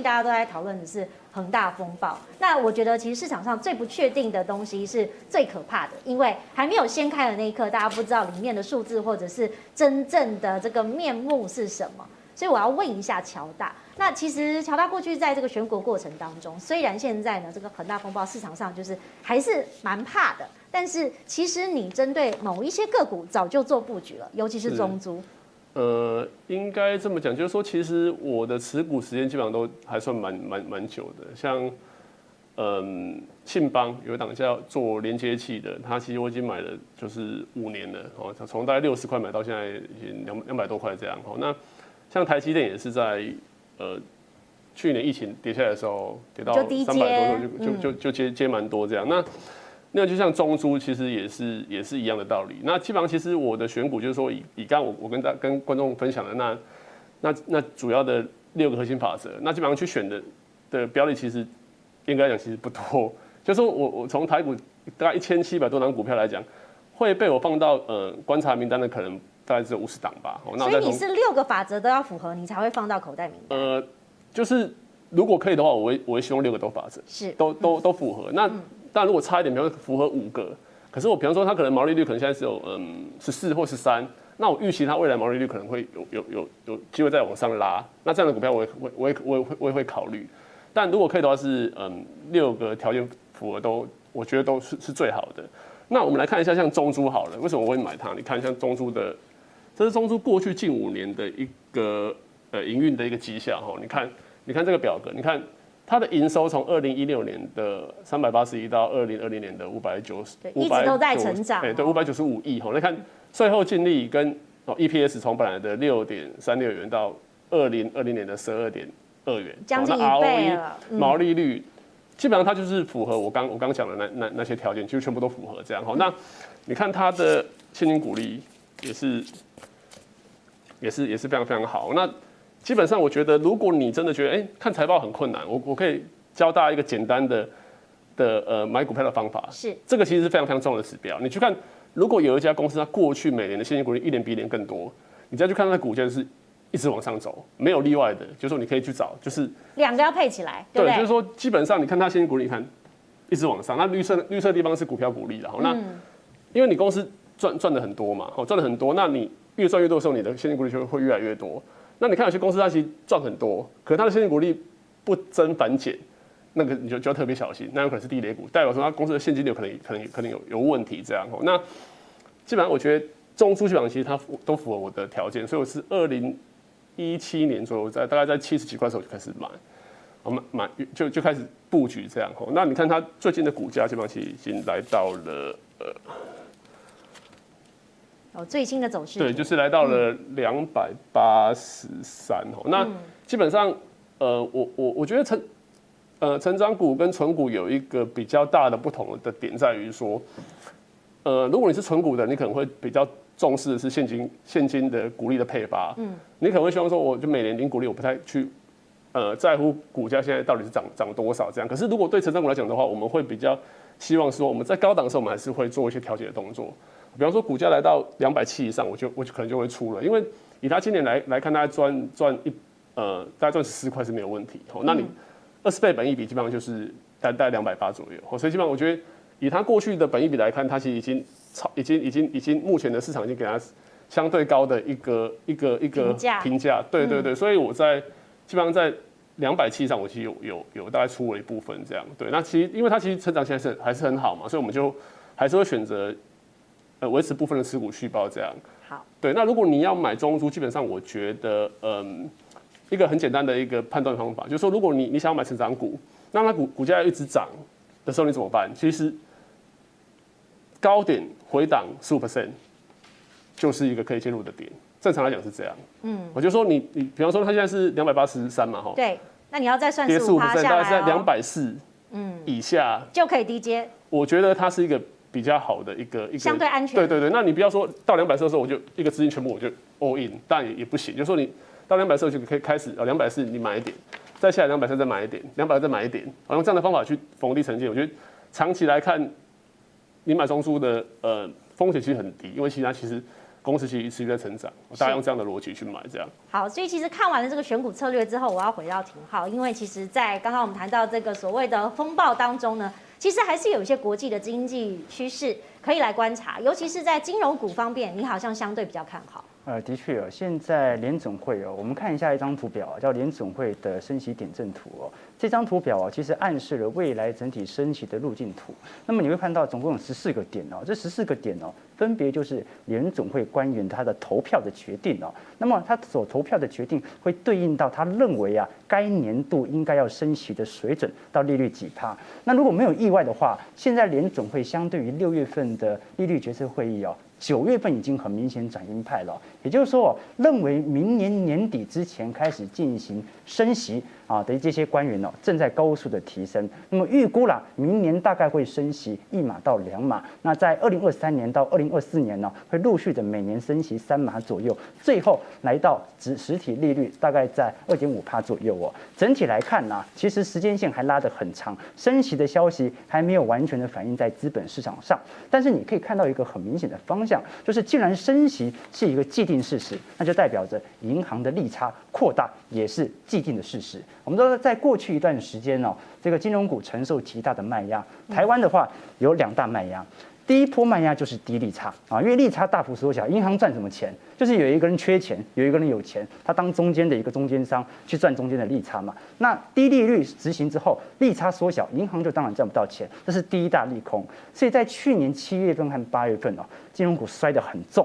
大家都在討論的是恆大風暴，那我覺得其實市場上最不確定的東西是最可怕的，因為還沒有掀開的那一刻，大家不知道裡面的數字或者是真正的這個面目是什麼。所以我要問一下喬大，那其實喬大過去在這個選股過程當中，雖然現在呢這個恆大風暴市場上就是還是蠻怕的，但是其實你針對某一些個股早就做佈局了，尤其是中租。嗯呃，應該這麼講，就是說，其實我的持股時間基本上都還算蠻蠻蠻久的。像，嗯，呃，信邦有一檔叫做連接器的，它其實我已經買了，就是五年了。哦，它從大概六十塊買到現在，已經兩兩百多塊這樣。哦，那像台積電也是在呃去年疫情跌下來的時候跌到三百多，多，就就就就，就接接蠻多這樣。那那就像中租，其實也是也是一樣的道理。那基本上，其實我的選股就是說以，以以剛我我跟大跟觀眾分享的那那那主要的六個核心法則，那基本上去選的的標的，其實應該講其實不多。就說、是、我我從台股大概一千七百多張股票來講，會被我放到呃觀察名單的，可能大概只有五十檔吧、喔。所以你是六個法則都要符合，你才會放到口袋名單？呃，就是如果可以的話，我會我會希望六個都法則，是都都都符合。那、嗯但如果差一點，比方說符合五個，可是我比方說它，可能毛利率可能現在只有嗯十四或十三，那我預期它未來毛利率可能會有有有有機會再往上拉，那這樣的股票我也我也我也我也我也會考慮。但如果可以的話是嗯六個條件符合都，我覺得都是是最好的。那我們來看一下像中租好了，為什麼我會買它？你看像中租的，這是中租過去近五年的一個呃營運的一個績效哈，你看你看這個表格，你看。它的營收從二零一六年的三百八十一到二零二零年的五百九十，對，590, 一直都在成長、哦。哎，對，五百九十五億齁。來看稅後淨利跟哦 E P S 從本來的六點三六元到二零二零年的十二點二元，將近一倍了、ROE、毛利率、嗯、基本上它就是符合我剛我剛講的那那那些條件，就全部都符合這樣。好，那你看它的現金股利也是也是也是非常非常好。那基本上，我覺得如果你真的覺得哎、欸、看財報很困難，我我可以教大家一個簡單的的呃買股票的方法。是這個其實是非常非常重要的指標。你去看，如果有一家公司，它過去每年的現金股利一年比一年更多，你再去看它的股價是一直往上走，沒有例外的，就是說你可以去找，就是兩個要配起來對對。對，就是說基本上你看它現金股利，你看一直往上，那綠色綠色地方是股票股利然後嗯。那因為你公司賺賺的很多嘛，好賺的很多，那你越賺越多的時候，你的現金股利就會越來越多。那你看有些公司它其實賺很多，可是它的現金股利不增反減，那個你就就要特別小心，那有可能是地雷股，代表說它公司的現金流可能可能可能有可能有，有問題這樣吼。那基本上我覺得中租這樣其實它都符合我的條件，所以我是二零一七年左右在大概在七十幾塊的時候我就開始買，買買就就開始布局這樣吼。那你看它最近的股價基本上其實已經來到了呃。哦，最新的走勢對，就是來到了兩百八十三哦。那基本上，呃，我我我覺得成，呃，成長股跟存股有一個比較大的不同的點在於說，呃，如果你是存股的，你可能會比較重視的是現金現金的股利的配發，嗯，你可能會希望說，我就每年領股利，我不太去，呃，在乎股價現在到底是漲漲多少這樣。可是如果對成長股來講的話，我們會比較希望說，我們在高檔的時候，我們還是會做一些調節的動作。比方說，股價來到兩百七以上，我就我就可能就會出了，因為以他今年來來看，大概賺賺一呃，大概賺十四塊是沒有問題。好、嗯，那你二十倍本益比基本上就是大概兩百八左右。所以基本上，我覺得以他過去的本益比來看，他其實已經超，已經已經已經，已經目前的市場已經給他相對高的一個一個一個評價，評價。對對對，嗯、所以我在基本上在兩百七以上，我其實有有有大概出了一部分這樣。對，那其實因為他其實成長起來是還是很好嘛，所以我們就還是會選擇。呃，維持部分的持股續抱這樣。好。對，那如果你要買中租，基本上我覺得，嗯，一個很簡單的一個判斷方法，就是說，如果你你想要買成長股，那它股股價一直漲的時候，你怎麼辦？其實高點回檔十五%，就是一個可以進入的點。正常來講是這樣。嗯。我就說你，你，比方說它現在是兩百八十三嘛，哈。對。那你要再算十五%，大概是兩百四。嗯。以下。就可以低接。我覺得它是一個。比較好的一個一個，對對對，相對安全，對對對，那你不要說到兩百四的時候我就一個資金全部我就 all in，但也也不行，就是說你到兩百四我就可以開始啊，兩百四，你買一點，再下來兩百次再買一點，兩百再買一點，我用這樣的方法去逢低承接，我覺得長期來看，你買中租的呃風險其實很低，因為其他其實公司其實一直在成長，我大概用這樣的邏輯去買，這樣好。所以其實看完了這個選股策略之後，我要回到挺好，因為其實在剛剛我們談到這個所謂的風暴當中呢。其實還是有一些國際的經濟趨勢可以來觀察，尤其是在金融股方面，你好像相對比較看好。呃，的確哦，現在聯總會哦，我們看一下一張圖表哦，叫聯總會的升息點陣圖哦。這張圖表啊哦，其實暗示了未來整體升息的路徑圖。那麼你會看到，總共有十四個點哦，這十四個點哦。分別就是聯準會官員他的投票的決定哦、喔，那麼他所投票的決定會對應到他認為啊，該年度應該要升息的水準到利率幾趴。那如果沒有意外的話，現在聯準會相對於六月份的利率決策會議哦、喔。九月份已經很明顯轉鷹派了，也就是說，認為明年年底之前開始進行升息啊的這些官員呢，正在高速的提升。那麼預估啦，明年大概會升息一碼到兩碼。那在二零二三年到二零二四年呢，會陸續的每年升息三碼左右，最後來到實實體利率大概在二點五趴左右哦。整體來看呢，其實時間線還拉得很長，升息的消息還沒有完全的反映在資本市場上。但是你可以看到一個很明顯的方向。就是，既然升息是一個既定事實，那就代表着銀行的利差擴大也是既定的事實。我們都說，在過去一段時間哦，這個金融股承受極大的賣壓。台灣的話，有兩大賣壓。第一波賣壓就是低利差啊，因為利差大幅縮小，銀行賺什麼錢？就是有一個人缺錢，有一個人有錢，他當中間的一個中間商去賺中間的利差嘛。那低利率執行之後，利差縮小，銀行就當然賺不到錢，這是第一大利空。所以在去年七月份和八月份哦，金融股摔得很重，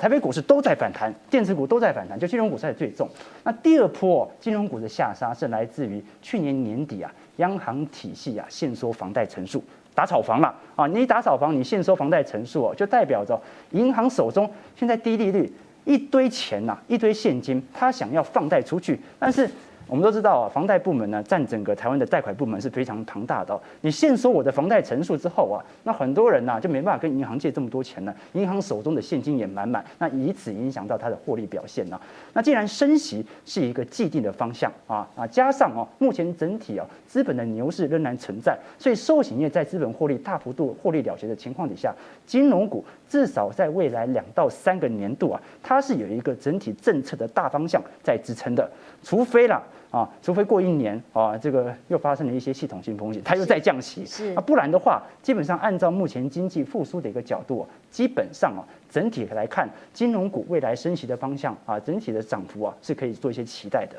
台北股市都在反彈，電子股都在反彈，就金融股摔得最重。那第二波金融股的下殺是來自於去年年底啊，央行體系啊限縮房貸成數。打炒房了啊！你打炒房，你限收房貸成數哦，就代表着銀行手中現在低利率一堆錢吶、啊，一堆現金，他想要放貸出去，但是。我們都知道啊，房貸部門呢佔整個台灣的貸款部門是非常龐大的。你限縮我的房貸成數之後啊，那很多人吶、啊、就沒辦法跟銀行借這麼多錢了，銀行手中的現金也滿滿，那以此影響到它的獲利表現呢、啊。那既然升息是一個既定的方向啊啊，加上哦、啊，目前整體啊資本的牛市仍然存在，所以壽險業在資本獲利大幅度獲利了結的情況底下，金融股至少在未來兩到三個年度啊，它是有一個整體政策的大方向在支撐的，除非啦、啊。啊，除非過一年啊，這個又發生了一些系統性風險，它又再降息，是，是啊，不然的話，基本上按照目前經濟復甦的一個角度，基本上啊，整體來看，金融股未來升息的方向啊，整體的漲幅啊，是可以做一些期待的。